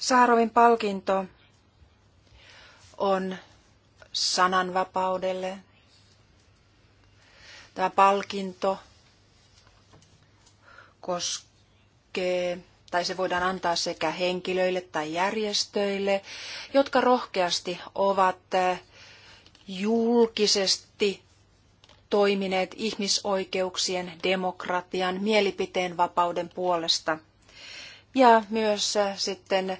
Saarovin palkinto on sananvapaudelle. Tämä palkinto koskee, tai se voidaan antaa sekä henkilöille tai järjestöille, jotka rohkeasti ovat julkisesti toimineet ihmisoikeuksien, demokratian, mielipiteen vapauden puolesta – ja myös äh, sitten äh,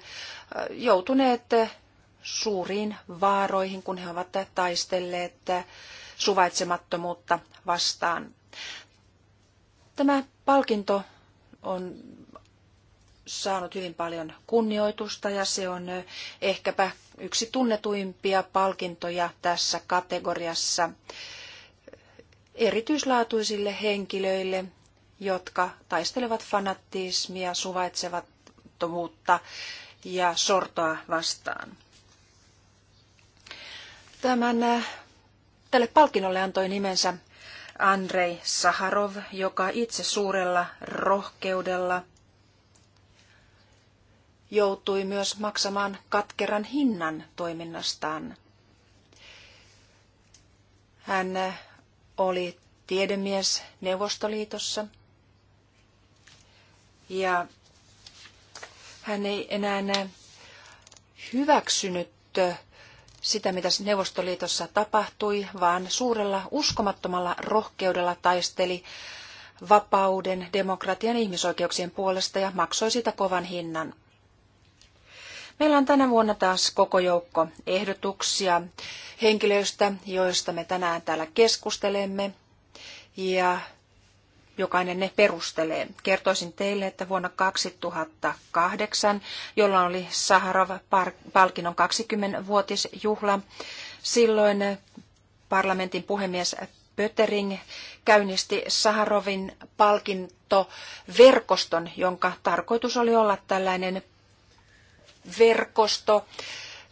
joutuneet äh, suuriin vaaroihin, kun he ovat taistelleet suvaitsemattomuutta vastaan. Tämä palkinto on saanut hyvin paljon kunnioitusta ja se on ehkäpä yksi tunnetuimpia palkintoja tässä kategoriassa erityislaatuisille henkilöille, jotka taistelevat fanatismia, suvaitsevattomuutta ja sortoa vastaan. Tämän, äh, tälle palkinnolle antoi nimensä Andrei Saharov, joka itse suurella rohkeudella joutui myös maksamaan katkeran hinnan toiminnastaan. Hän äh, oli tiedemies Neuvostoliitossa – ja hän ei enää hyväksynyt sitä, mitä Neuvostoliitossa tapahtui, vaan suurella uskomattomalla rohkeudella taisteli vapauden, demokratian ja ihmisoikeuksien puolesta ja maksoi sitä kovan hinnan. Meillä on tänä vuonna taas koko joukko ehdotuksia henkilöistä, joista me tänään täällä keskustelemme. Ja jokainen ne perustelee. Kertoisin teille, että vuonna 2008, jolloin oli Saharov-palkinnon 20-vuotisjuhla, silloin parlamentin puhemies Pöttering käynnisti Saharovin palkintoverkoston, jonka tarkoitus oli olla tällainen verkosto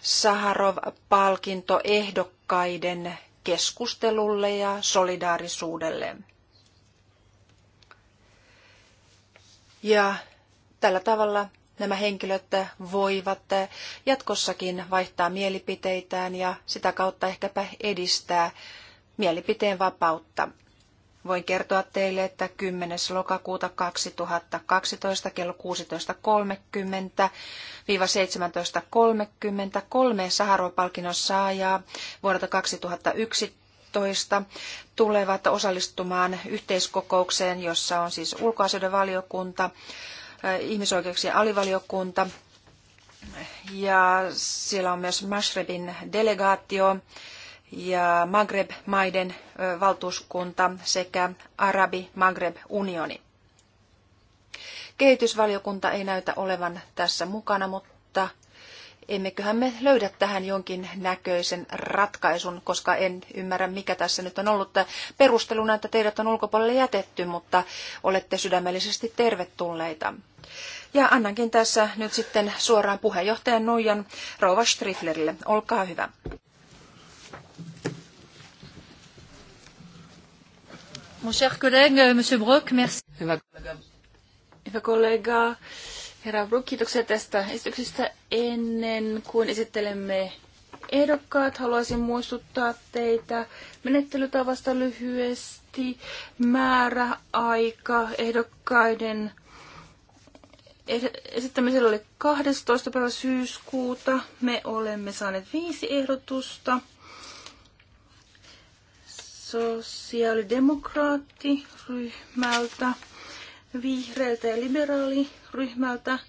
Saharov-palkintoehdokkaiden keskustelulle ja solidaarisuudelle. Ja tällä tavalla nämä henkilöt voivat jatkossakin vaihtaa mielipiteitään ja sitä kautta ehkäpä edistää mielipiteen vapautta. Voin kertoa teille, että 10. lokakuuta 2012 kello 16.30-17.30 kolme Saharov-palkinnon saajaa vuodelta 2011 12 tulevat osallistumaan yhteiskokoukseen, jossa on siis ulkoasioiden valiokunta, eh, ihmisoikeuksien alivaliokunta ja siellä on myös Mashrebin delegaatio ja Maghreb-maiden eh, valtuuskunta sekä Arabi-Maghreb-unioni. Kehitysvaliokunta ei näytä olevan tässä mukana, mutta emmeköhän me löydä tähän jonkin näköisen ratkaisun, koska en ymmärrä, mikä tässä nyt on ollut perusteluna, että teidät on ulkopuolelle jätetty, mutta olette sydämellisesti tervetulleita. Ja annankin tässä nyt sitten suoraan puheenjohtajan Nuijan Rouva Striflerille. Olkaa hyvä. Mon cher collègue, Monsieur Brock, merci. Hyvä kollega. Hyvä kollega. Herra Brook, kiitoksia tästä esityksestä. Ennen kuin esittelemme ehdokkaat, haluaisin muistuttaa teitä menettelytavasta lyhyesti. määrä, aika, ehdokkaiden eh, esittämisellä oli 12. päivä syyskuuta. Me olemme saaneet viisi ehdotusta. Sosiaalidemokraattiryhmältä vihreältä ja liberaaliryhmältä,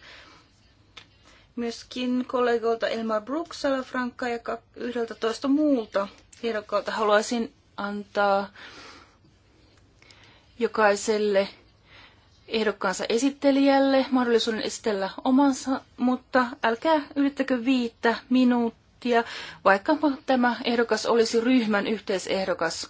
myöskin kollegoilta Elmar Bruxella Frankka ja 11 muulta ehdokkaalta haluaisin antaa jokaiselle ehdokkaansa esittelijälle mahdollisuuden esitellä omansa, mutta älkää ylittäkö viittä minuuttia, vaikka tämä ehdokas olisi ryhmän yhteisehdokas.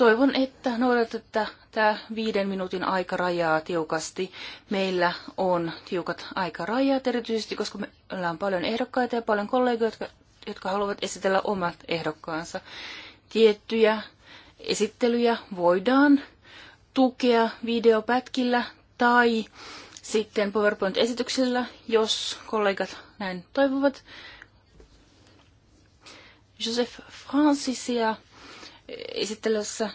Toivon, että noudatetta tämä viiden minuutin aikarajaa tiukasti. Meillä on tiukat aikarajat erityisesti, koska meillä on paljon ehdokkaita ja paljon kollegoja, jotka, jotka haluavat esitellä omat ehdokkaansa. Tiettyjä esittelyjä voidaan tukea videopätkillä tai sitten PowerPoint-esityksellä, jos kollegat näin toivovat. Joseph Francisia esittelyssä,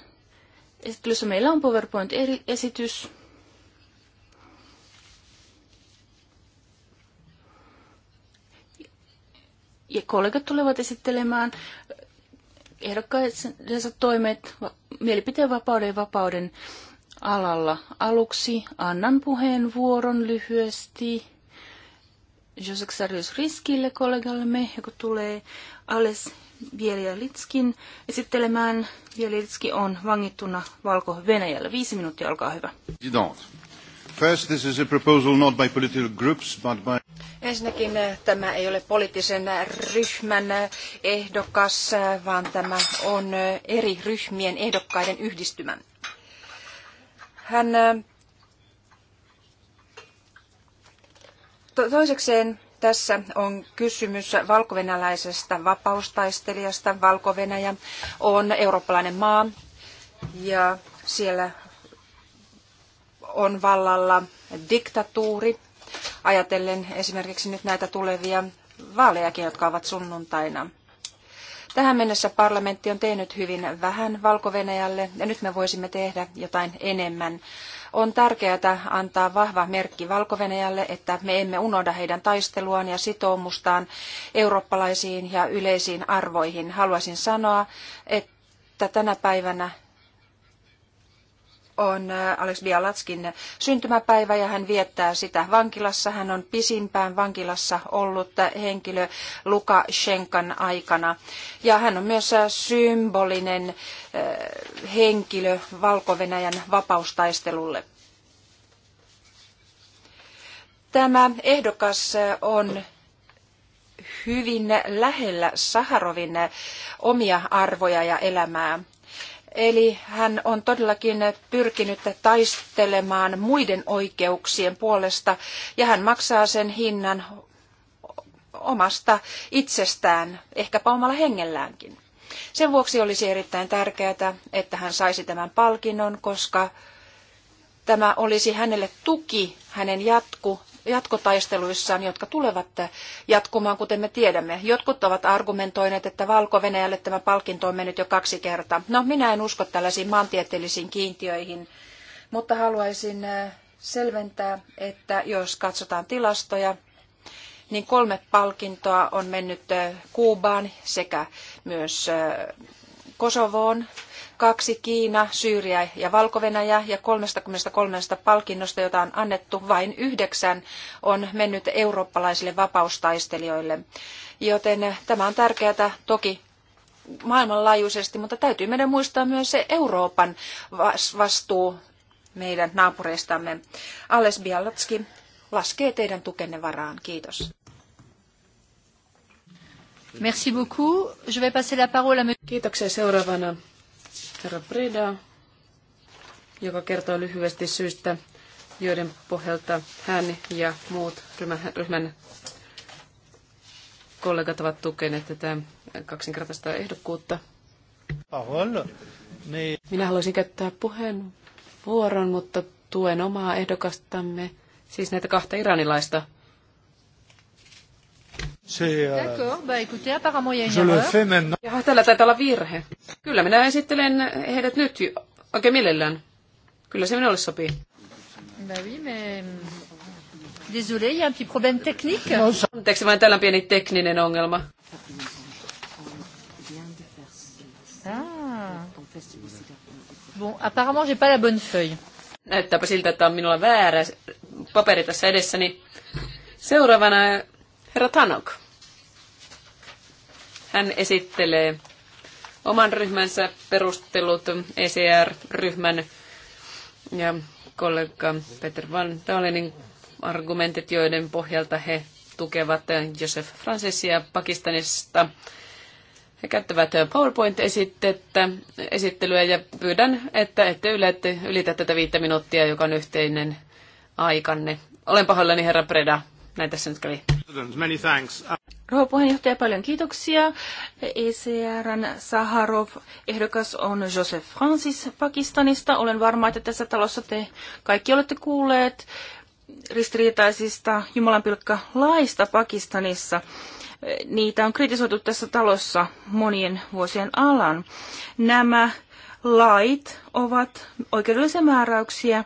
esittelyssä meillä on PowerPoint-esitys. Ja kollegat tulevat esittelemään ehdokkaidensa toimet mielipiteen vapauden ja vapauden alalla. Aluksi annan puheenvuoron lyhyesti Joseph Sarius Riskille, kollegallemme, joka tulee Ales Litskin esittelemään. Litski on vangittuna Valko-Venäjällä. Viisi minuuttia, olkaa hyvä. First, this is a proposal not by political groups, but by... Ensinnäkin eh, tämä ei ole poliittisen ryhmän eh, ehdokas, eh, vaan tämä on eri ryhmien ehdokkaiden yhdistymä. Hän toisekseen tässä on kysymys valkovenäläisestä vapaustaistelijasta. valko on eurooppalainen maa ja siellä on vallalla diktatuuri. Ajatellen esimerkiksi nyt näitä tulevia vaalejakin, jotka ovat sunnuntaina. Tähän mennessä parlamentti on tehnyt hyvin vähän valko ja nyt me voisimme tehdä jotain enemmän on tärkeää antaa vahva merkki valko että me emme unohda heidän taisteluaan ja sitoumustaan eurooppalaisiin ja yleisiin arvoihin. Haluaisin sanoa, että tänä päivänä on äh, Alex Bialatskin syntymäpäivä ja hän viettää sitä vankilassa. Hän on pisimpään vankilassa ollut henkilö Lukashenkan aikana. Ja hän on myös äh, symbolinen äh, henkilö Valko-Venäjän vapaustaistelulle. Tämä ehdokas on hyvin lähellä Saharovin omia arvoja ja elämää. Eli hän on todellakin pyrkinyt taistelemaan muiden oikeuksien puolesta ja hän maksaa sen hinnan omasta itsestään, ehkäpä omalla hengelläänkin. Sen vuoksi olisi erittäin tärkeää, että hän saisi tämän palkinnon, koska tämä olisi hänelle tuki hänen jatku jatkotaisteluissaan, jotka tulevat jatkumaan, kuten me tiedämme. Jotkut ovat argumentoineet, että Valko-Venäjälle tämä palkinto on mennyt jo kaksi kertaa. No, minä en usko tällaisiin maantieteellisiin kiintiöihin, mutta haluaisin äh, selventää, että jos katsotaan tilastoja, niin kolme palkintoa on mennyt äh, Kuubaan sekä myös äh, Kosovoon kaksi Kiina, Syyria ja valko ja 33 palkinnosta, jota on annettu, vain yhdeksän on mennyt eurooppalaisille vapaustaistelijoille. Joten tämä on tärkeää toki maailmanlaajuisesti, mutta täytyy meidän muistaa myös se Euroopan vastuu meidän naapureistamme. Ales Bialatski laskee teidän tukenne varaan. Kiitos. Merci beaucoup. Je vais passer la parole à... Kiitoksia seuraavana herra Breda, joka kertoo lyhyesti syistä, joiden pohjalta hän ja muut ryhmän kollegat ovat tukeneet tätä kaksinkertaista ehdokkuutta. Minä haluaisin käyttää puheenvuoron, mutta tuen omaa ehdokastamme, siis näitä kahta iranilaista Äh, D'accord, bah écoutez, apparemment il y a une erreur. Fais maintenant. Jaha, tällä taitaa olla virhe. Kyllä, minä esittelen heidät nyt oikein mielellään. Kyllä se minulle sopii. Bah oui, mais... Euh, désolé, il y a un petit problème technique. Anteeksi vain, täällä on pieni tekninen ongelma. Ah. Bon, apparemment j'ai pas la bonne feuille. Näyttääpä siltä, että on minulla väärä paperi tässä edessäni. Seuraavana Herra Tanok. Hän esittelee oman ryhmänsä perustelut, ECR-ryhmän ja kollega Peter Van Dalenin argumentit, joiden pohjalta he tukevat Joseph Francisia Pakistanista. He käyttävät PowerPoint-esitettä, esittelyä ja pyydän, että ette ylitä tätä viittä minuuttia, joka on yhteinen aikanne. Olen pahoillani, herra Preda. Näin tässä nyt kävi. Many thanks. Rouva puheenjohtaja, paljon kiitoksia. ECRn Saharov-ehdokas on Joseph Francis Pakistanista. Olen varma, että tässä talossa te kaikki olette kuulleet ristiriitaisista jumalanpilkkalaista Pakistanissa. Niitä on kritisoitu tässä talossa monien vuosien alan. Nämä lait ovat oikeudellisia määräyksiä,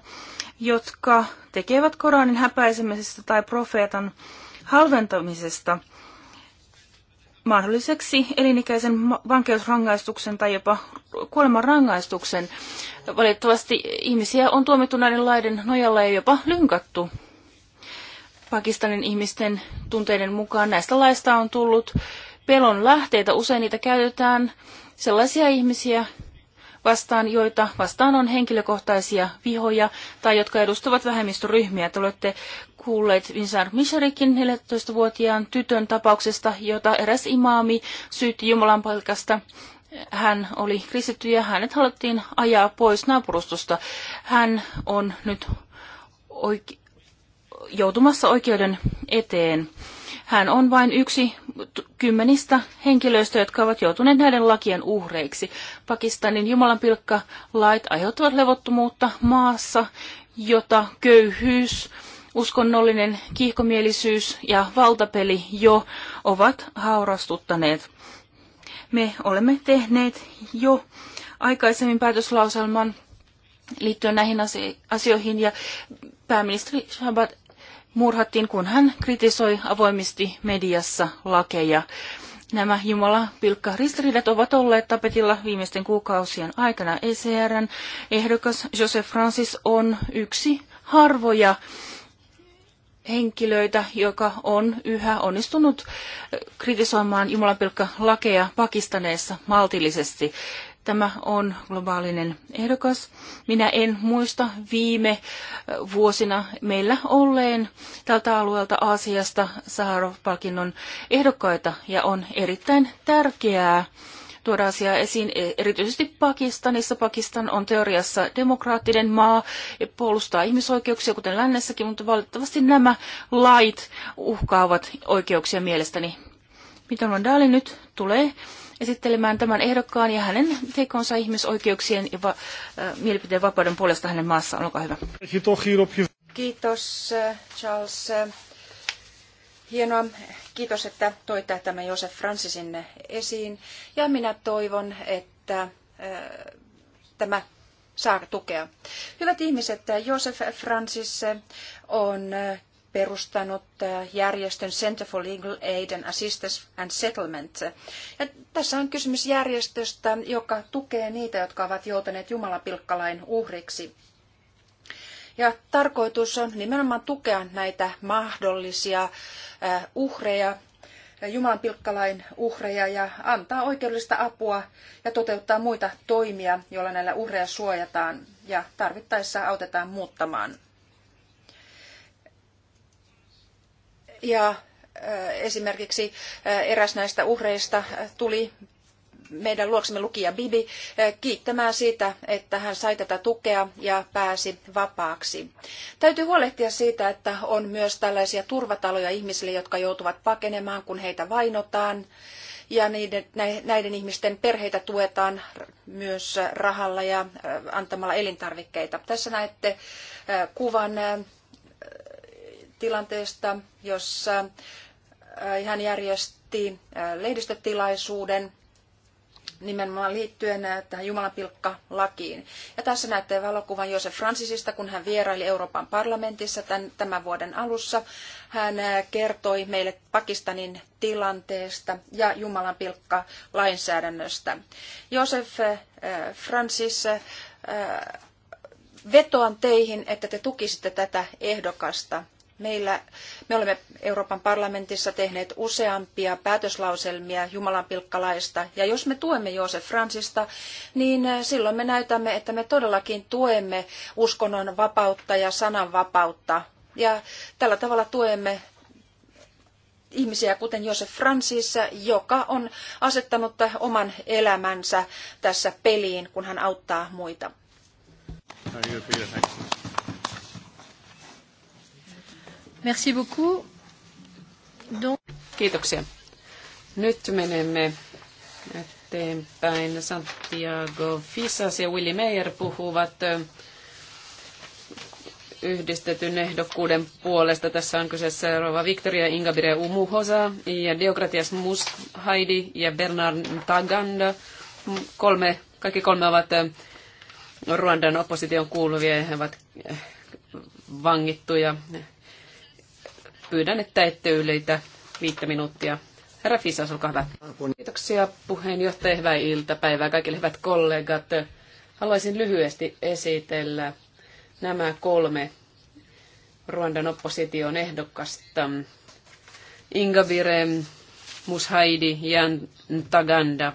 jotka tekevät Koranin häpäisemisestä tai profeetan halventamisesta mahdolliseksi elinikäisen vankeusrangaistuksen tai jopa rangaistuksen. Valitettavasti ihmisiä on tuomittu näiden laiden nojalla ja jopa lynkattu. Pakistanin ihmisten tunteiden mukaan näistä laista on tullut pelon lähteitä. Usein niitä käytetään sellaisia ihmisiä vastaan, joita vastaan on henkilökohtaisia vihoja tai jotka edustavat vähemmistöryhmiä. Te olette kuulleet Vincent Misharikin 14-vuotiaan tytön tapauksesta, jota eräs imaami syytti Jumalan palkasta. hän oli kristitty ja hänet haluttiin ajaa pois naapurustosta. Hän on nyt oike- joutumassa oikeuden eteen. Hän on vain yksi kymmenistä henkilöistä, jotka ovat joutuneet näiden lakien uhreiksi. Pakistanin jumalanpilkka lait aiheuttavat levottomuutta maassa, jota köyhyys, uskonnollinen kiihkomielisyys ja valtapeli jo ovat haurastuttaneet. Me olemme tehneet jo aikaisemmin päätöslauselman liittyen näihin asioihin ja pääministeri Shabat murhattiin, kun hän kritisoi avoimesti mediassa lakeja. Nämä Jumala pilkka ristiriidat ovat olleet tapetilla viimeisten kuukausien aikana. ECRn ehdokas Joseph Francis on yksi harvoja henkilöitä, joka on yhä onnistunut eh, kritisoimaan pilkka lakeja Pakistaneessa maltillisesti. Tämä on globaalinen ehdokas. Minä en muista viime vuosina meillä olleen tältä alueelta Aasiasta Saharov-palkinnon ehdokkaita ja on erittäin tärkeää, tuoda asiaa esiin, e, erityisesti Pakistanissa. Pakistan on teoriassa demokraattinen maa ja puolustaa ihmisoikeuksia, kuten lännessäkin, mutta valitettavasti nämä lait uhkaavat oikeuksia mielestäni. Mitä Mandali nyt tulee esittelemään tämän ehdokkaan ja hänen tekonsa ihmisoikeuksien ja va- äh, mielipiteen vapauden puolesta hänen maassaan. Olkaa hyvä. Kiitos Charles. Hienoa. Kiitos, että toitte tämän Josef Francisin esiin. Ja minä toivon, että äh, tämä saa tukea. Hyvät ihmiset, Josef Francis on äh, perustanut eh, järjestön Center for Legal Aid and Assistance and Settlement. Ja tässä on kysymys järjestöstä, joka tukee niitä, jotka ovat joutuneet Jumalapilkkalain uhriksi. Ja tarkoitus on nimenomaan tukea näitä mahdollisia eh, uhreja, eh, Jumalanpilkkalain uhreja ja antaa oikeudellista apua ja toteuttaa muita toimia, joilla näillä uhreja suojataan ja tarvittaessa autetaan muuttamaan Ja esimerkiksi eräs näistä uhreista tuli meidän luoksemme lukija Bibi kiittämään siitä, että hän sai tätä tukea ja pääsi vapaaksi. Täytyy huolehtia siitä, että on myös tällaisia turvataloja ihmisille, jotka joutuvat pakenemaan, kun heitä vainotaan. Ja niiden, näiden ihmisten perheitä tuetaan myös rahalla ja antamalla elintarvikkeita. Tässä näette kuvan tilanteesta, jossa hän äh, järjesti äh, lehdistötilaisuuden nimenomaan liittyen äh, tähän jumalanpilkka Ja tässä näette valokuvan Josef Francisista, kun hän vieraili Euroopan parlamentissa tämän, tämän vuoden alussa. Hän kertoi meille Pakistanin tilanteesta ja Jumalanpilkka-lainsäädännöstä. Josef Francis, vetoan teihin, että te tukisitte tätä ehdokasta Meillä, me olemme Euroopan parlamentissa tehneet useampia päätöslauselmia jumalanpilkkalaista, ja jos me tuemme Joosef Fransista, niin eh, silloin me näytämme, että me todellakin tuemme uskonnon vapautta ja sananvapautta. Ja tällä tavalla tuemme ihmisiä, kuten Josef Francis, joka on asettanut oman elämänsä tässä peliin, kun hän auttaa muita. Merci beaucoup. Donc... Kiitoksia. Nyt menemme eteenpäin. Santiago Fisas ja Willy Meyer puhuvat yhdistetyn ehdokkuuden puolesta. Tässä on kyseessä Rova Victoria Ingabire Umuhosa ja Deokratias Mushaidi ja Bernard Taganda. Kolme, kaikki kolme ovat Ruandan opposition kuuluvia ja he ovat vangittuja pyydän, että ette yleitä viittä minuuttia. Herra Fisas, olkaa hyvä. Kiitoksia puheenjohtaja, hyvää iltapäivää kaikille hyvät kollegat. Haluaisin lyhyesti esitellä nämä kolme Ruandan opposition ehdokasta. Ingabire, Mushaidi ja Taganda.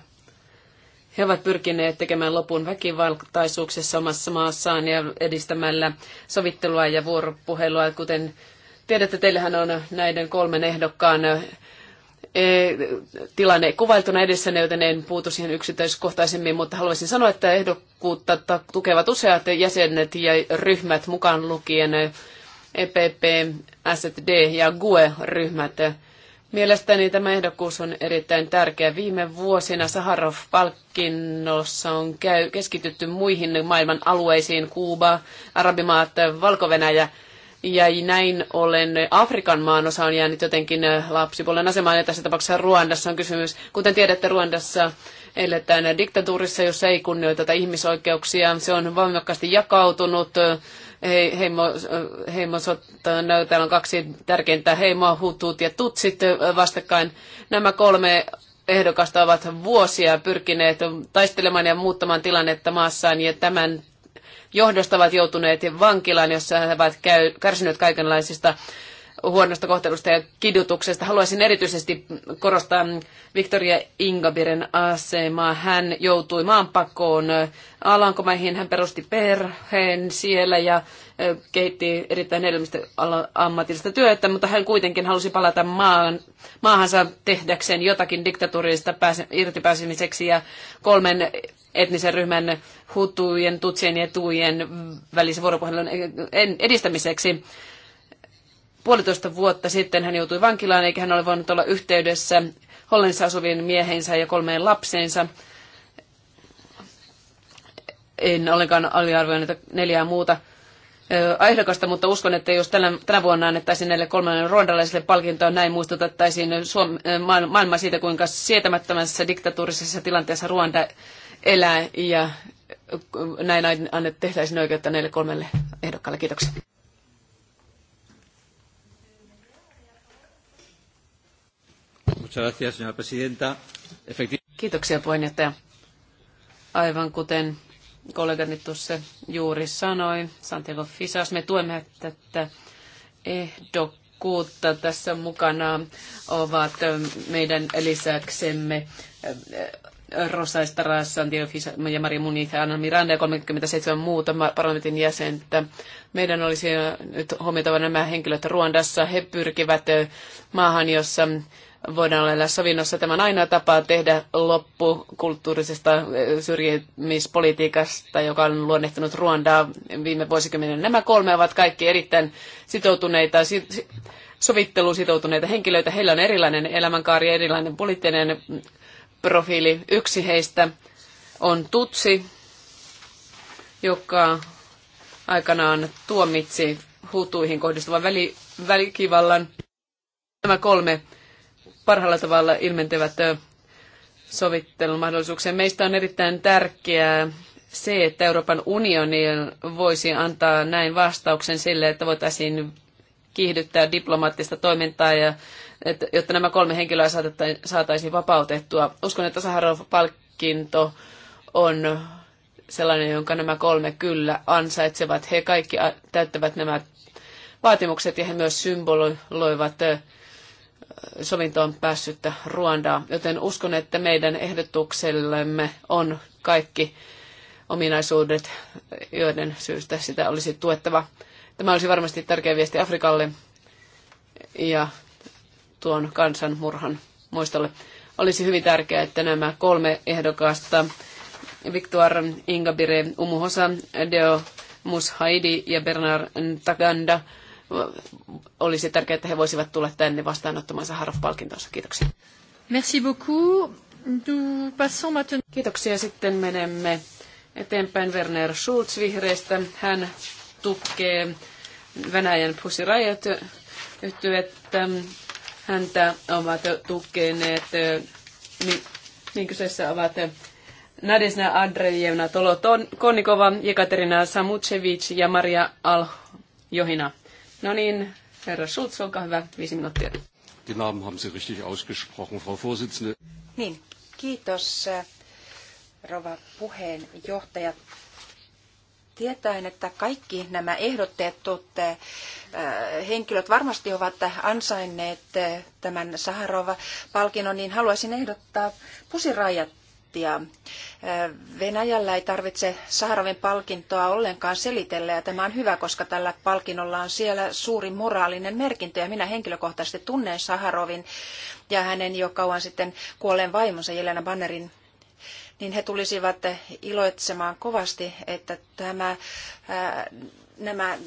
He ovat pyrkineet tekemään lopun väkivaltaisuuksessa omassa maassaan ja edistämällä sovittelua ja vuoropuhelua, kuten Tiedätte, teillähän on näiden kolmen ehdokkaan eh, tilanne kuvailtuna edessä, joten en puutu siihen yksityiskohtaisemmin, mutta haluaisin sanoa, että ehdokkuutta tukevat useat jäsenet ja ryhmät mukaan lukien EPP, SD ja GUE-ryhmät. Mielestäni tämä ehdokkuus on erittäin tärkeä. Viime vuosina Saharov-palkinnossa on keskitytty muihin maailman alueisiin, Kuuba, Arabimaat, valko -Venäjä ja näin ollen Afrikan osa on jäänyt jotenkin eh, lapsipuolen asemaan, ja tässä tapauksessa Ruandassa on kysymys. Kuten tiedätte, Ruandassa eletään diktatuurissa, jossa ei kunnioiteta ihmisoikeuksia. Se on voimakkaasti jakautunut heimo, eh, heimo eh, Täällä on kaksi tärkeintä heimoa, hutut ja tutsit vastakkain. Nämä kolme ehdokasta ovat vuosia pyrkineet taistelemaan ja muuttamaan tilannetta maassaan, ja tämän johdosta ovat joutuneet vankilaan, jossa he ovat käy, kärsineet kaikenlaisista huonosta kohtelusta ja kidutuksesta. Haluaisin erityisesti korostaa Victoria Ingabiren asemaa. Hän joutui maanpakoon Alankomaihin. Hän perusti perheen siellä ja kehitti erittäin hedelmistä ammatillista työtä, mutta hän kuitenkin halusi palata maan, maahansa tehdäkseen jotakin diktatuurista pääse, irtipääsemiseksi ja kolmen etnisen ryhmän hutujen, tutsien ja tuujen välisen vuoropuhelun edistämiseksi. Puolitoista vuotta sitten hän joutui vankilaan, eikä hän ole voinut olla yhteydessä Hollannissa asuvien miehensä ja kolmeen lapseensa. En ollenkaan aliarvioi neljää muuta ehdokasta, mutta uskon, että jos tänä, tänä vuonna annettaisiin näille kolmelle ruandalaiselle palkintoa, näin muistutettaisiin Suom- maailmaa siitä, kuinka sietämättömässä diktatuurisessa tilanteessa Ruanda elää ja näin annet, tehtäisiin oikeutta näille kolmelle ehdokkaalle. Kiitoksia. Kiitoksia puheenjohtaja. Aivan kuten kollegani tuossa juuri sanoi, Santiago Fisas, me tuemme tätä ehdokkuutta. Tässä mukana ovat meidän lisäksemme Rosa Estara, Santiago ja Maria Muniz ja Anna Miranda ja 37 muuta parlamentin jäsentä. Meidän olisi nyt huomioitava nämä henkilöt Ruandassa. He pyrkivät maahan, jossa voidaan olla sovinnossa. Tämä on ainoa tapa tehdä loppu kulttuurisesta syrjimispolitiikasta, joka on luonnehtunut Ruandaa viime vuosikymmenen. Nämä kolme ovat kaikki erittäin sitoutuneita, sovitteluun sitoutuneita henkilöitä. Heillä on erilainen elämänkaari, erilainen poliittinen profiili. Yksi heistä on Tutsi, joka aikanaan tuomitsi hutuihin kohdistuvan väli, välikivallan. Nämä kolme parhaalla tavalla ilmentävät sovittelun mahdollisuuksia. Meistä on erittäin tärkeää se, että Euroopan unioni voisi antaa näin vastauksen sille, että voitaisiin kiihdyttää diplomaattista toimintaa ja että, jotta nämä kolme henkilöä saataisiin vapautettua. Uskon, että Saharov-palkinto on sellainen, jonka nämä kolme kyllä ansaitsevat. He kaikki täyttävät nämä vaatimukset ja he myös symboloivat sovintoon päässyttä Ruandaa. Joten uskon, että meidän ehdotuksellemme on kaikki ominaisuudet, joiden syystä sitä olisi tuettava. Tämä olisi varmasti tärkeä viesti Afrikalle ja tuon kansanmurhan muistolle. Olisi hyvin tärkeää, että nämä kolme ehdokasta, Victoire Ingabire Umuhosa, Deo Mushaidi ja Bernard Taganda, olisi tärkeää, että he voisivat tulla tänne vastaanottamaan Saharov-palkintonsa. Kiitoksia. Merci beaucoup. Nous Kiitoksia. Sitten menemme eteenpäin Werner Schulz vihreistä. Hän tukee Venäjän Pussy Riot yhtyettä Häntä ovat tukeneet, niin, kyseessä ovat Nadesna Andrejevna Tolo-Konnikova, Jekaterina Samutsevich ja Maria Al-Johina. No niin, herra Schulz, olkaa hyvä, viisi minuuttia. Die Namen haben Sie richtig ausgesprochen, Frau Vorsitzende. Niin, kiitos rova puheenjohtaja tietäen, että kaikki nämä ehdotteet, äh, henkilöt varmasti ovat ansainneet äh, tämän Saharova-palkinnon, niin haluaisin ehdottaa pusirajattia. Äh, Venäjällä ei tarvitse Saharovin palkintoa ollenkaan selitellä ja tämä on hyvä, koska tällä palkinnolla on siellä suuri moraalinen merkintö ja minä henkilökohtaisesti tunnen Saharovin ja hänen jo kauan sitten kuolleen vaimonsa Jelena Bannerin niin he tulisivat iloitsemaan kovasti, että tämä, äh, nämä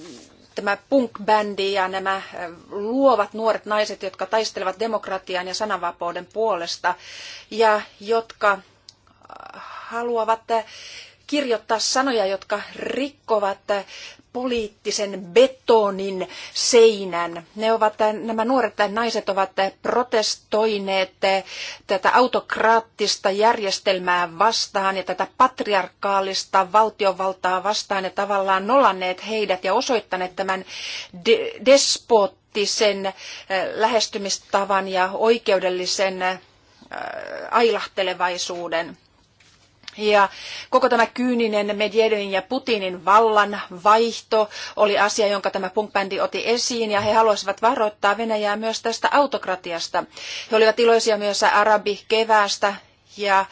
tämä punk-bändi ja nämä äh, luovat nuoret naiset, jotka taistelevat demokratian ja sananvapauden puolesta ja jotka äh, haluavat kirjoittaa sanoja, jotka rikkovat poliittisen betonin seinän. Ne ovat, nämä nuoret naiset ovat protestoineet tätä autokraattista järjestelmää vastaan ja tätä patriarkaalista valtiovaltaa vastaan ja tavallaan nolanneet heidät ja osoittaneet tämän de- äh, lähestymistavan ja oikeudellisen äh, ailahtelevaisuuden. Ja koko tämä kyyninen Medvedevin ja Putinin vallan vaihto oli asia, jonka tämä punkbändi otti esiin, ja he haluaisivat varoittaa Venäjää myös tästä autokratiasta. He olivat iloisia myös arabi keväästä ja äh,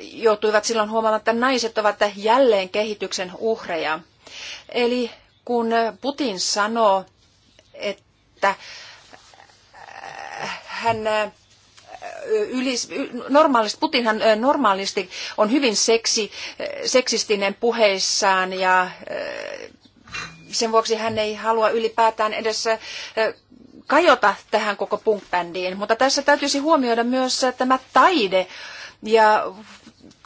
joutuivat silloin huomaamaan, että naiset ovat jälleen kehityksen uhreja. Eli kun Putin sanoo, että äh, hän äh, ylis, normaalisti, Putinhan normaalisti on hyvin seksi, seksistinen puheissaan ja sen vuoksi hän ei halua ylipäätään edes kajota tähän koko punkbändiin, mutta tässä täytyisi huomioida myös tämä taide ja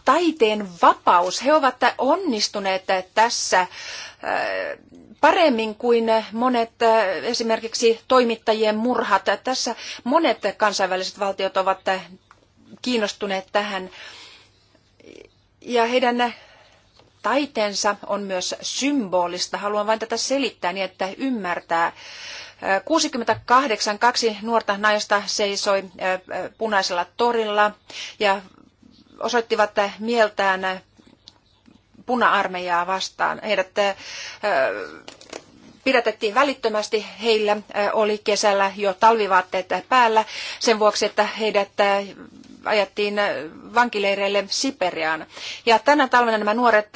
taiteen vapaus. He ovat onnistuneet tässä paremmin kuin monet äh, esimerkiksi toimittajien murhat. Tässä monet kansainväliset valtiot ovat äh, kiinnostuneet tähän ja heidän taiteensa on myös symbolista. Haluan vain tätä selittää niin, että ymmärtää. 68 äh, kaksi nuorta naista seisoi punaisella torilla ja osoittivat mieltään puna-armeijaa vastaan. Heidät pidätettiin välittömästi. Heillä oli kesällä jo talvivaatteet päällä sen vuoksi, että heidät ajettiin vankileireille Siperiaan. Ja tänä talvena nämä nuoret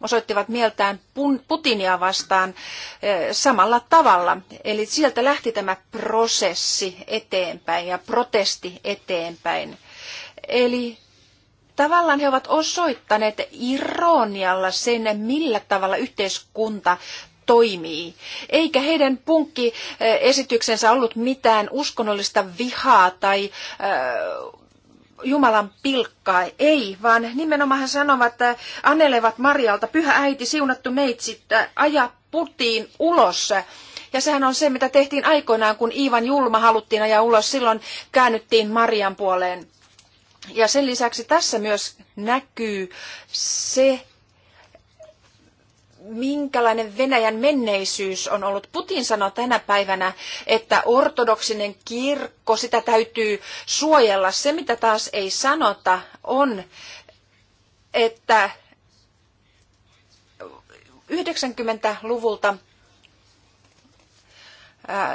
osoittivat mieltään Putinia vastaan samalla tavalla. Eli sieltä lähti tämä prosessi eteenpäin ja protesti eteenpäin. Eli Tavallaan he ovat osoittaneet ironialla sen, millä tavalla yhteiskunta toimii. Eikä heidän punkkiesityksensä eh, ollut mitään uskonnollista vihaa tai äh, Jumalan pilkkaa. Ei, vaan nimenomaan hän sanovat, että eh, anelevat Marjalta, pyhä äiti, siunattu meitsit, aja putiin ulos. Ja sehän on se, mitä tehtiin aikoinaan, kun Iivan julma haluttiin ajaa ulos. Silloin käännyttiin Marian puoleen. Ja sen lisäksi tässä myös näkyy se, minkälainen Venäjän menneisyys on ollut. Putin sanoi tänä päivänä, että ortodoksinen kirkko, sitä täytyy suojella. Se, mitä taas ei sanota, on, että 90-luvulta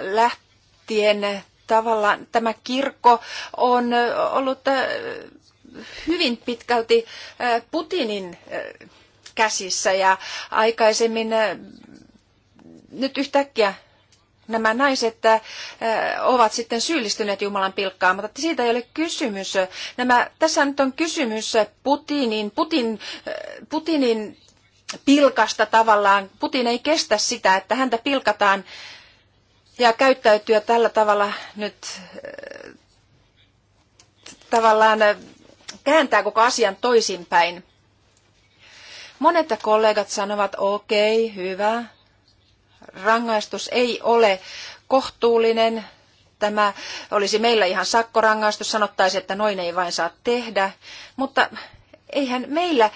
lähtien tavallaan tämä kirkko on ollut hyvin pitkälti Putinin käsissä ja aikaisemmin nyt yhtäkkiä nämä naiset ovat sitten syyllistyneet Jumalan pilkkaan, mutta siitä ei ole kysymys. Nämä, tässä nyt on kysymys Putinin, Putin, Putinin pilkasta tavallaan. Putin ei kestä sitä, että häntä pilkataan ja käyttäytyä tällä tavalla nyt äh, tavallaan äh, kääntää koko asian toisinpäin. Monet kollegat sanovat, okei, okay, hyvä, rangaistus ei ole kohtuullinen, tämä olisi meillä ihan sakkorangaistus, sanottaisi, että noin ei vain saa tehdä, mutta eihän meillä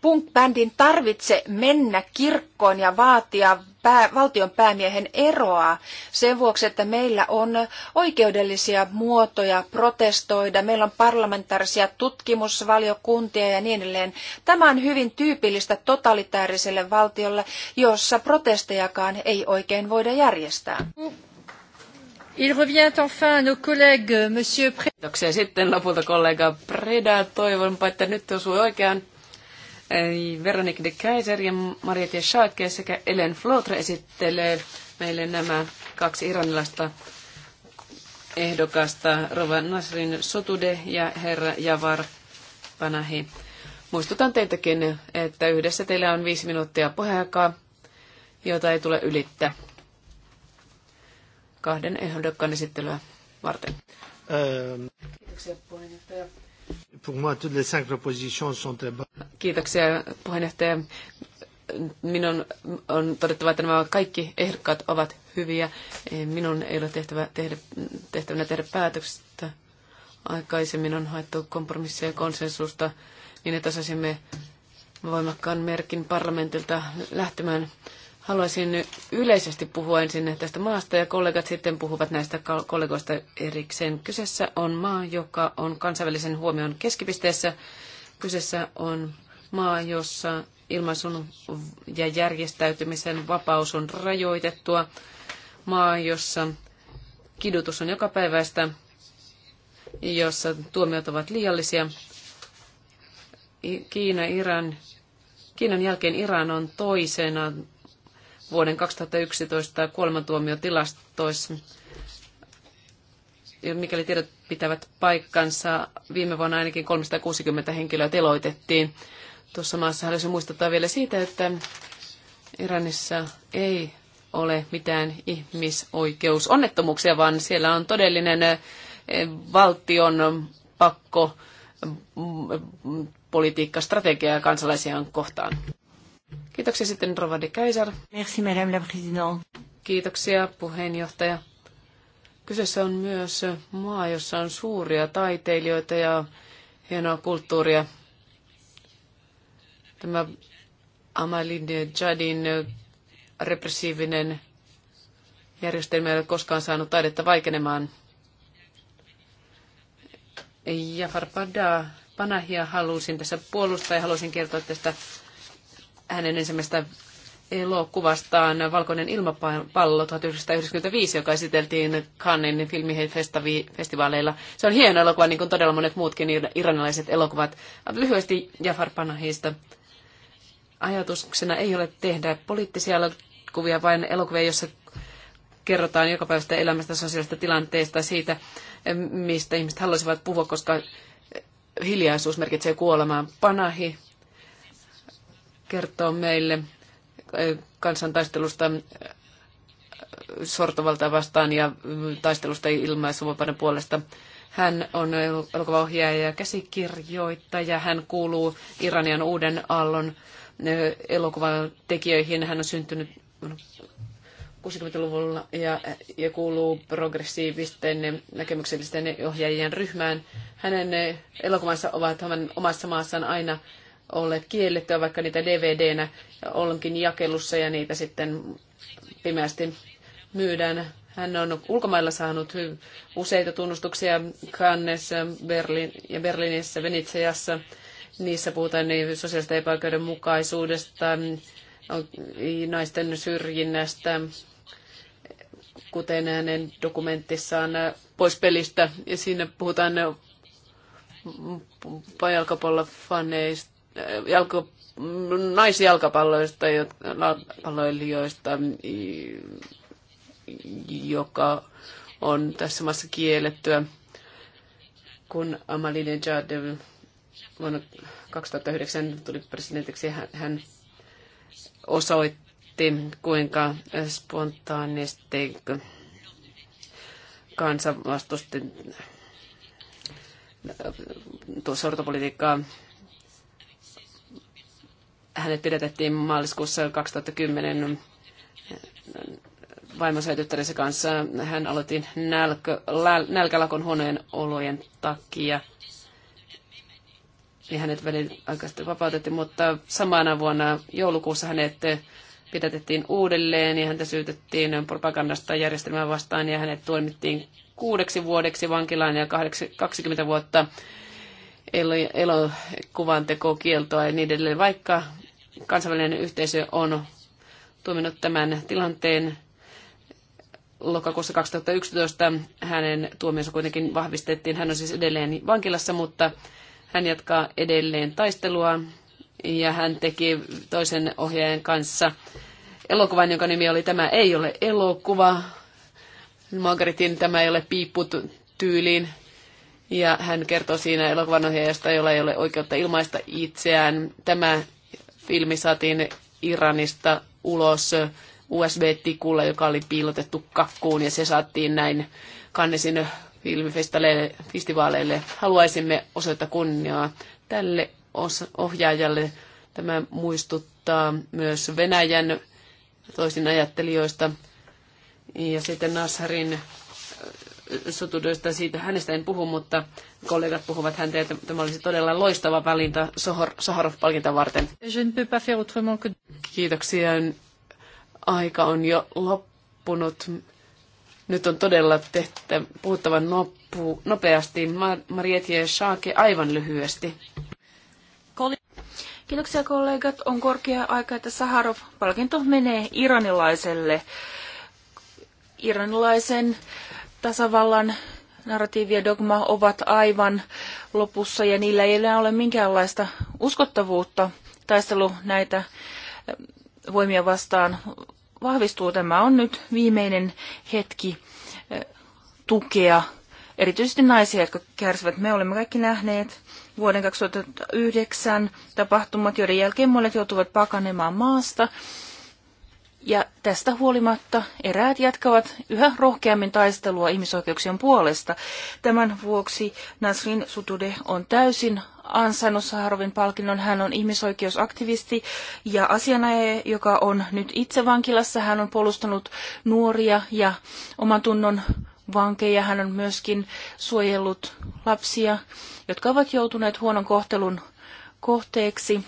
punk-bändin tarvitse mennä kirkkoon ja vaatia pää, valtion päämiehen eroaa sen vuoksi, että meillä on oikeudellisia muotoja protestoida, meillä on parlamentaarisia tutkimusvaliokuntia ja niin edelleen. Tämä on hyvin tyypillistä totalitaariselle valtiolle, jossa protestejakaan ei oikein voida järjestää. Il revient enfin nos collègues, monsieur Preda. Sitten lopulta kollega Preda, toivonpa, että nyt osui oikeaan Veronique de Kaiser ja Mariette Schalke sekä Ellen Flotre esittelee meille nämä kaksi iranilaista ehdokasta, Rova Nasrin Sotude ja herra Javar Panahi. Muistutan teitäkin, että yhdessä teillä on viisi minuuttia puheaikaa, jota ei tule ylittää kahden ehdokkaan esittelyä varten. Ähm. Kiitoksia puheenjohtaja. Kiitoksia puheenjohtaja. Minun on todettava, että nämä kaikki ehdokkaat ovat hyviä. Minun ei ole tehtävä tehdä, tehtävänä tehdä Aikaisemmin on haettu kompromissia ja konsensusta niin, että saisimme voimakkaan merkin parlamentilta lähtemään Haluaisin yleisesti puhua ensin tästä maasta ja kollegat sitten puhuvat näistä kollegoista erikseen. Kyseessä on maa, joka on kansainvälisen huomion keskipisteessä. Kyseessä on maa, jossa ilmaisun ja järjestäytymisen vapaus on rajoitettua. Maa, jossa kidutus on jokapäiväistä, jossa tuomiot ovat liiallisia. Kiina, Iran, Kiinan jälkeen Iran on toisena vuoden 2011 kuolemantuomiotilastoissa. Mikäli tiedot pitävät paikkansa, viime vuonna ainakin 360 henkilöä teloitettiin. Tuossa maassa haluaisin muistuttaa vielä siitä, että Iranissa ei ole mitään ihmisoikeusonnettomuuksia, vaan siellä on todellinen eh, valtion pakko mm, mm, politiikkastrategiaa kansalaisiaan kohtaan. Kiitoksia sitten Rova de Kaiser. Merci, madame la présidente. Kiitoksia puheenjohtaja. Kyseessä on myös maa, jossa on suuria taiteilijoita ja hienoa kulttuuria. Tämä Amaline Jadin repressiivinen järjestelmä ei ole koskaan saanut taidetta vaikenemaan. Jafar Pada, Panahia halusin tässä puolustaa ja halusin kertoa tästä hänen ensimmäistä elokuvastaan Valkoinen ilmapallo 1995, joka esiteltiin Cannesin filmifestivaaleilla. Se on hieno elokuva, niin kuin todella monet muutkin iranilaiset elokuvat. Lyhyesti Jafar Panahista. Ajatuksena ei ole tehdä poliittisia elokuvia, vaan elokuvia, joissa kerrotaan jokapäiväistä elämästä, sosiaalista tilanteesta, siitä, mistä ihmiset haluaisivat puhua, koska hiljaisuus merkitsee kuolemaa. Panahi kertoo meille kansantaistelusta sortovalta vastaan ja taistelusta ilmaisuvapauden puolesta. Hän on elokuvaohjaaja ja käsikirjoittaja. Hän kuuluu Iranian uuden aallon elokuvan tekijöihin. Hän on syntynyt 60-luvulla ja, ja kuuluu progressiivisten näkemyksellisten ohjaajien ryhmään. Hänen elokuvansa ovat hänen omassa maassaan aina olleet kiellettyä, vaikka niitä DVD-nä onkin jakelussa ja niitä sitten pimeästi myydään. Hän on ulkomailla saanut useita tunnustuksia Cannesissa, Berliin, ja Berliinissä, Venitsejassa. Niissä puhutaan niin sosiaalista epäoikeudenmukaisuudesta, naisten syrjinnästä, kuten hänen dokumentissaan pois pelistä. Ja siinä puhutaan pajalkapallofaneista jalko, naisjalkapalloista, palloilijoista, joka on tässä maassa kiellettyä, kun Ahmadinejad vuonna 2009 tuli presidentiksi, hän, hän osoitti, kuinka spontaanisti kansa vastusti sortopolitiikkaa hänet pidätettiin maaliskuussa 2010 vaimonsa ja tyttärensä kanssa. Hän aloitti nälkö, läl, nälkälakon huonojen olojen takia. Ja hänet aikaisesti vapautettiin, mutta samana vuonna joulukuussa hänet pidätettiin uudelleen ja häntä syytettiin propagandasta järjestelmää vastaan ja hänet tuomittiin kuudeksi vuodeksi vankilaan ja 20 vuotta elokuvan kieltoa ja niin edelleen, vaikka kansainvälinen yhteisö on tuominut tämän tilanteen lokakuussa 2011. Hänen tuomionsa kuitenkin vahvistettiin. Hän on siis edelleen vankilassa, mutta hän jatkaa edelleen taistelua ja hän teki toisen ohjaajan kanssa elokuvan, jonka nimi oli Tämä ei ole elokuva. Margaretin Tämä ei ole piipput tyyliin. Ja hän kertoo siinä elokuvan ohjaajasta, jolla ei ole oikeutta ilmaista itseään. Tämä filmi saatiin Iranista ulos USB-tikulla, joka oli piilotettu kakkuun ja se saatiin näin kannesin filmifestivaaleille. Haluaisimme osoittaa kunniaa tälle ohjaajalle. Tämä muistuttaa myös Venäjän toisin ajattelijoista ja sitten Nasharin sotudoista, siitä hänestä en puhu, mutta kollegat puhuvat häntä, että tämä olisi todella loistava valinta Saharov-palkinta varten. Kiitoksia. Aika on jo loppunut. Nyt on todella tehtä, puhuttava nopu, nopeasti. Marietje Shaake aivan lyhyesti. Kiitoksia kollegat. On korkea aika, että Saharov-palkinto menee iranilaiselle. Iranilaisen tasavallan narratiivi ja dogma ovat aivan lopussa ja niillä ei enää ole minkäänlaista uskottavuutta. Taistelu näitä eh, voimia vastaan vahvistuu. Tämä on nyt viimeinen hetki eh, tukea erityisesti naisia, jotka kärsivät. Me olemme kaikki nähneet vuoden 2009 tapahtumat, joiden jälkeen monet joutuvat pakanemaan maasta. Ja tästä huolimatta eräät jatkavat yhä rohkeammin taistelua ihmisoikeuksien puolesta. Tämän vuoksi Nasrin Sutude on täysin ansainnut Saharovin palkinnon. Hän on ihmisoikeusaktivisti ja asianajaja, joka on nyt itse vankilassa. Hän on puolustanut nuoria ja oman tunnon vankeja. Hän on myöskin suojellut lapsia, jotka ovat joutuneet huonon kohtelun kohteeksi,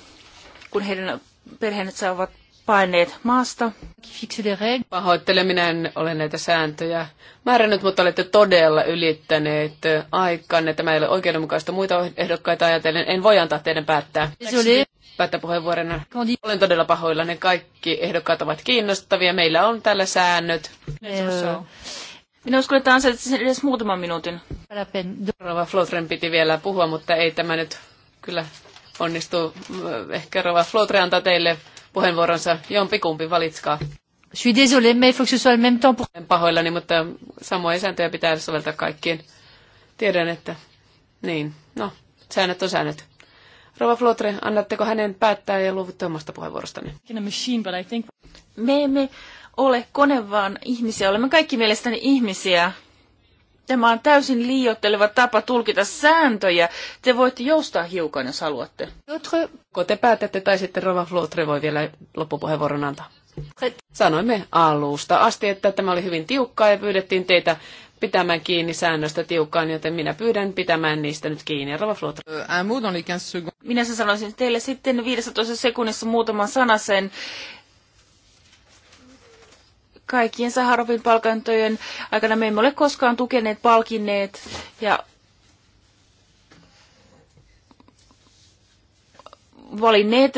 kun heidän perheensä ovat paineet maasta. Pahoittelen, minä en ole näitä sääntöjä määrännyt, mutta olette todella ylittäneet aikanne. Tämä ei ole oikeudenmukaista muita ehdokkaita ajatellen. En voi antaa teidän päättää. Päättää puheenvuorona. Olen todella pahoillani. Kaikki ehdokkaat ovat kiinnostavia. Meillä on täällä säännöt. Minä uskon, että ansaitsit sen edes muutaman minuutin. Rova Flotren piti vielä puhua, mutta ei tämä nyt kyllä onnistu. Ehkä Rova Flotre antaa teille puheenvuoronsa. Jompikumpi valitskaa. Je suis désolé, mais il faut que ce soit le même temps pour... En pahoillani, mutta samoja sääntöjä pitää soveltaa kaikkien. Tiedän, että... Niin, no, säännöt on säännöt. Rova Flotre, annatteko hänen päättää ja luovutte omasta puheenvuorostanne? Me emme ole kone, vaan ihmisiä. Olemme kaikki mielestäni ihmisiä. Tämä on täysin liioitteleva tapa tulkita sääntöjä. Te voitte joustaa hiukan, jos haluatte. Kun te päätätte, tai sitten Rova Flotre voi vielä loppupuheenvuoron antaa. Sanoimme alusta asti, että tämä oli hyvin tiukkaa ja pyydettiin teitä pitämään kiinni säännöstä tiukkaan, joten minä pyydän pitämään niistä nyt kiinni. Rova Flotre. Euh, minä sanoisin teille sitten 15 sekunnissa muutaman sanasen kaikkien Saharovin palkintojen aikana me emme ole koskaan tukeneet, palkinneet ja valinneet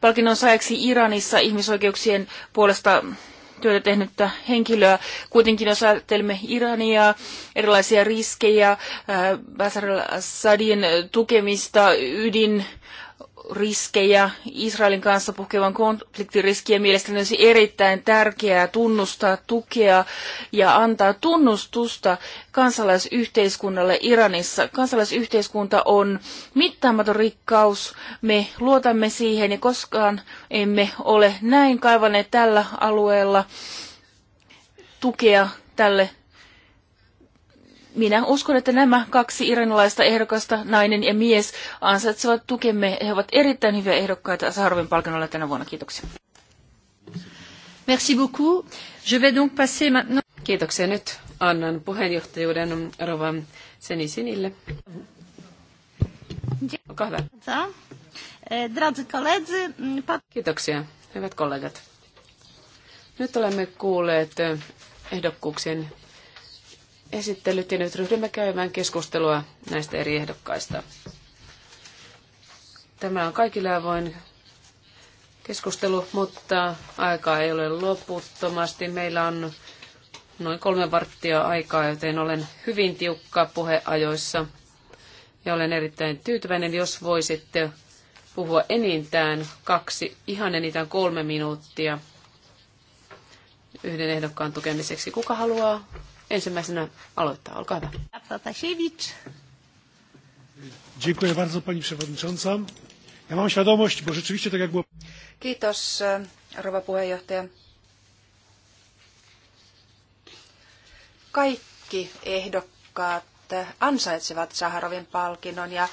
palkinnon saajaksi Iranissa ihmisoikeuksien puolesta työtä tehnyttä henkilöä. Kuitenkin jos ajattelemme Irania, erilaisia riskejä, Basar Sadin tukemista, ydin riskejä Israelin kanssa puhkevan konfliktiriskiä. Mielestäni olisi erittäin tärkeää tunnustaa, tukea ja antaa tunnustusta kansalaisyhteiskunnalle Iranissa. Kansalaisyhteiskunta on mittaamaton rikkaus. Me luotamme siihen ja koskaan emme ole näin kaivaneet tällä alueella tukea tälle minä uskon, että nämä kaksi iranilaista ehdokasta, nainen ja mies, ansaitsevat tukemme. He ovat erittäin hyviä ehdokkaita Saharovin palkinnolla tänä vuonna. Kiitoksia. Merci beaucoup. Je vais donc passer maintenant... Kiitoksia. Nyt annan puheenjohtajuuden Rova Senisinille. Olkaa hyvä. Eh, mm, Kiitoksia, hyvät kollegat. Nyt olemme kuulleet ehdokkuuksien esittelyt ja nyt ryhdymme käymään keskustelua näistä eri ehdokkaista. Tämä on kaikille avoin keskustelu, mutta aikaa ei ole loputtomasti. Meillä on noin kolme varttia aikaa, joten olen hyvin tiukka puheajoissa. Ja olen erittäin tyytyväinen, jos voisitte puhua enintään kaksi, ihan enintään kolme minuuttia yhden ehdokkaan tukemiseksi. Kuka haluaa ensimmäisenä aloittaa. Olkaa hyvä. Dziękuję bardzo pani przewodnicząca. Ja mam świadomość, bo rzeczywiście tak jak było... Kiitos, rouva puheenjohtaja. Kaikki ehdokkaat ansaitsevat Saharovin palkinnon ja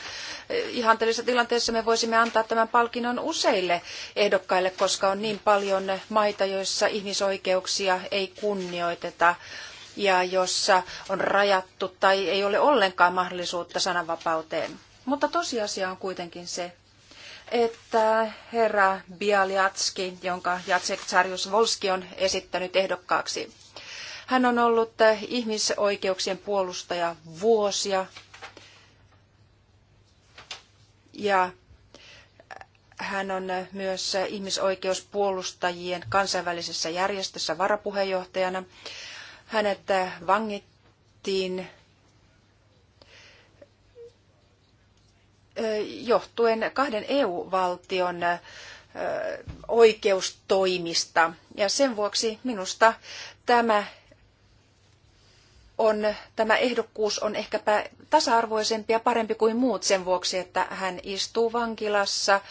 e, ihanteellisessa tilanteessa me voisimme antaa tämän palkinnon useille ehdokkaille, koska on niin paljon maita, joissa ihmisoikeuksia ei kunnioiteta ja jossa on rajattu tai ei ole ollenkaan mahdollisuutta sananvapauteen. Mutta tosiasia on kuitenkin se, että herra Bialjatski, jonka Jacek Tsarius Volski on esittänyt ehdokkaaksi, hän on ollut ihmisoikeuksien puolustaja vuosia ja hän on myös ihmisoikeuspuolustajien kansainvälisessä järjestössä varapuheenjohtajana. Hänet äh, vangittiin äh, johtuen kahden EU-valtion äh, oikeustoimista. Ja sen vuoksi minusta tämä, on, tämä ehdokkuus on ehkäpä tasa-arvoisempi ja parempi kuin muut sen vuoksi, että hän istuu vankilassa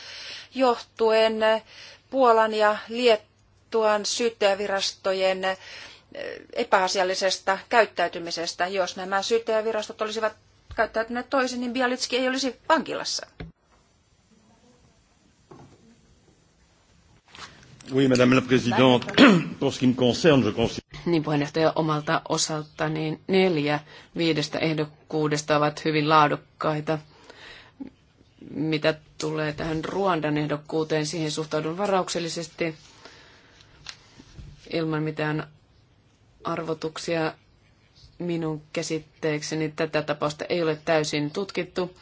johtuen Puolan ja Liettuan syyttäjävirastojen epäasiallisesta käyttäytymisestä. Jos nämä syyttäjävirastot olisivat käyttäytyneet toisin, niin Bialitski ei olisi vankilassa. Oui, madame la présidente, pour ce qui me concerne, je considère... Niin puheenjohtaja omalta osalta, niin neljä viidestä ehdokkuudesta ovat hyvin laadukkaita. Mitä tulee tähän Ruandan ehdokkuuteen, siihen suhtaudun varauksellisesti ilman mitään arvotuksia. Minun käsitteekseni tätä tapausta ei ole täysin tutkittu.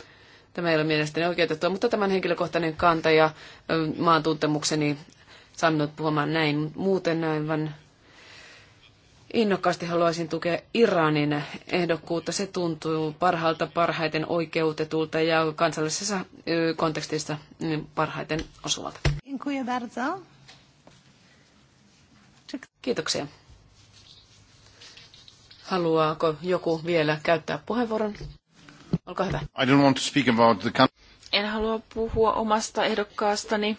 Tämä ei ole mielestäni oikeutettua, mutta tämän henkilökohtainen kanta ja maan tuntemukseni saa minut puhumaan näin. Muuten aivan innokkaasti haluaisin tukea Iranin ehdokkuutta. Se tuntuu parhaalta parhaiten oikeutetulta ja kansallisessa kontekstissa parhaiten osuvalta. Kiitoksia. Haluaako joku vielä käyttää puheenvuoron? Olkaa hyvä. I don't want to speak about the en halua puhua omasta ehdokkaastani,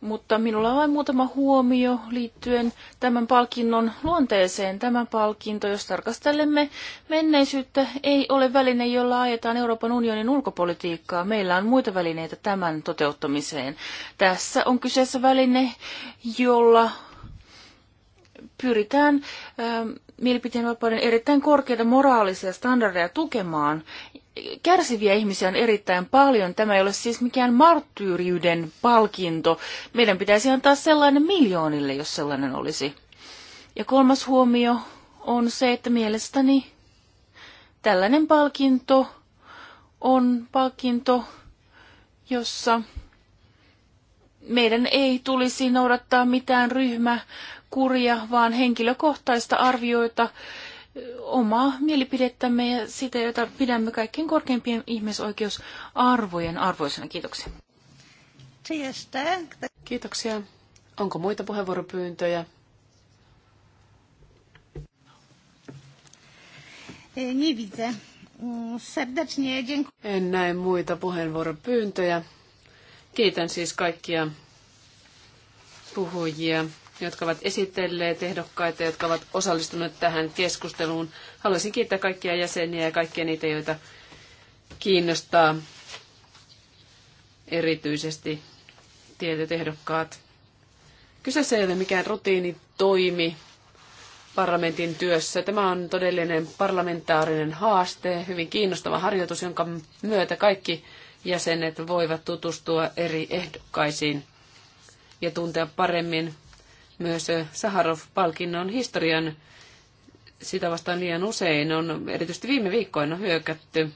mutta minulla on vain muutama huomio liittyen tämän palkinnon luonteeseen. Tämä palkinto, jos tarkastelemme menneisyyttä, ei ole väline, jolla ajetaan Euroopan unionin ulkopolitiikkaa. Meillä on muita välineitä tämän toteuttamiseen. Tässä on kyseessä väline, jolla pyritään ähm, mielipiteenvapauden erittäin korkeita moraalisia standardeja tukemaan. Kärsiviä ihmisiä on erittäin paljon. Tämä ei ole siis mikään marttyyriyden palkinto. Meidän pitäisi antaa sellainen miljoonille, jos sellainen olisi. Ja kolmas huomio on se, että mielestäni tällainen palkinto on palkinto, jossa meidän ei tulisi noudattaa mitään ryhmä kurja, vaan henkilökohtaista arvioita, omaa mielipidettämme ja sitä, jota pidämme kaikkein korkeimpien ihmisoikeusarvojen arvoisena. Kiitoksia. Kiitoksia. Onko muita puheenvuoropyyntöjä? E, mm, en näe muita puheenvuoropyyntöjä. Kiitän siis kaikkia puhujia jotka ovat esitelleet ehdokkaita, jotka ovat osallistuneet tähän keskusteluun. Haluaisin kiittää kaikkia jäseniä ja kaikkia niitä, joita kiinnostaa erityisesti tietyt ehdokkaat. Kyseessä ei ole mikään rutiinitoimi parlamentin työssä. Tämä on todellinen parlamentaarinen haaste, hyvin kiinnostava harjoitus, jonka myötä kaikki jäsenet voivat tutustua eri ehdokkaisiin ja tuntea paremmin myös eh, Saharov-palkinnon historian. Sitä vastaan liian usein on erityisesti viime viikkoina hyökätty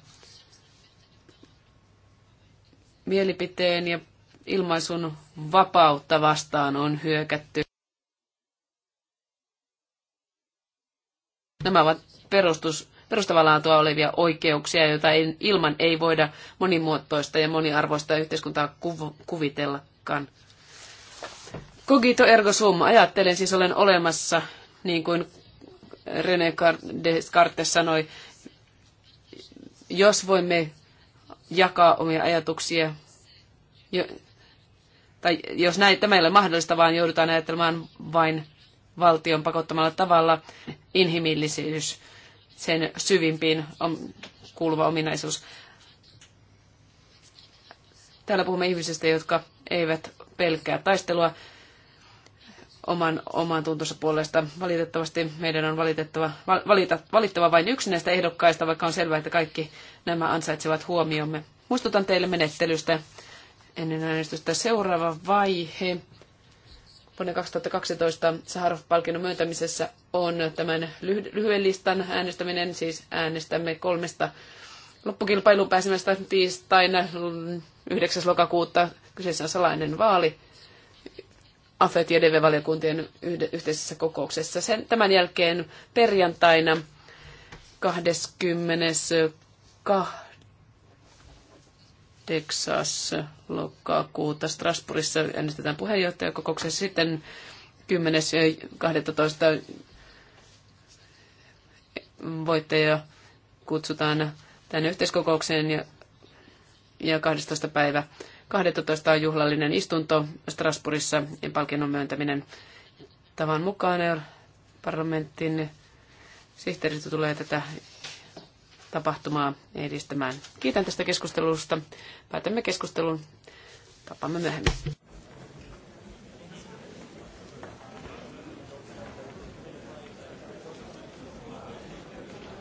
mielipiteen ja ilmaisun vapautta vastaan on hyökätty. Nämä ovat perustus, perustavanlaatua olevia oikeuksia, joita ei, ilman ei voida monimuotoista ja moniarvoista yhteiskuntaa kuv, kuvitellakaan. Cogito ergo sum. Ajattelen siis olen olemassa, niin kuin René Descartes sanoi. Jos voimme jakaa omia ajatuksia, jo, tai jos näin, tämä ei ole mahdollista, vaan joudutaan ajattelemaan vain valtion pakottamalla tavalla, inhimillisyys, sen syvimpiin kuuluva ominaisuus. Täällä puhumme ihmisistä, jotka eivät pelkää taistelua oman, oman tuntonsa puolesta. Valitettavasti meidän on valitettava, valita, valittava vain yksi näistä ehdokkaista, vaikka on selvää, että kaikki nämä ansaitsevat huomiomme. Muistutan teille menettelystä ennen äänestystä. Seuraava vaihe vuonna 2012 Saharov-palkinnon myöntämisessä on tämän lyhyen listan äänestäminen, siis äänestämme kolmesta loppukilpailuun pääsemästä tiistaina 9. lokakuuta. Kyseessä on salainen vaali. AFET ja DV-valiokuntien yhteisessä kokouksessa. Sen, tämän jälkeen perjantaina 28. lokakuuta Strasbourgissa äänestetään puheenjohtajakokouksessa. Sitten ja 12. voittaja kutsutaan tänne yhteiskokoukseen ja, ja 12. päivä 12 on juhlallinen istunto Strasbourgissa ja palkinnon myöntäminen tavan mukaan parlamentin sihteeristö tulee tätä tapahtumaa edistämään. Kiitän tästä keskustelusta. Päätämme keskustelun. Tapaamme myöhemmin.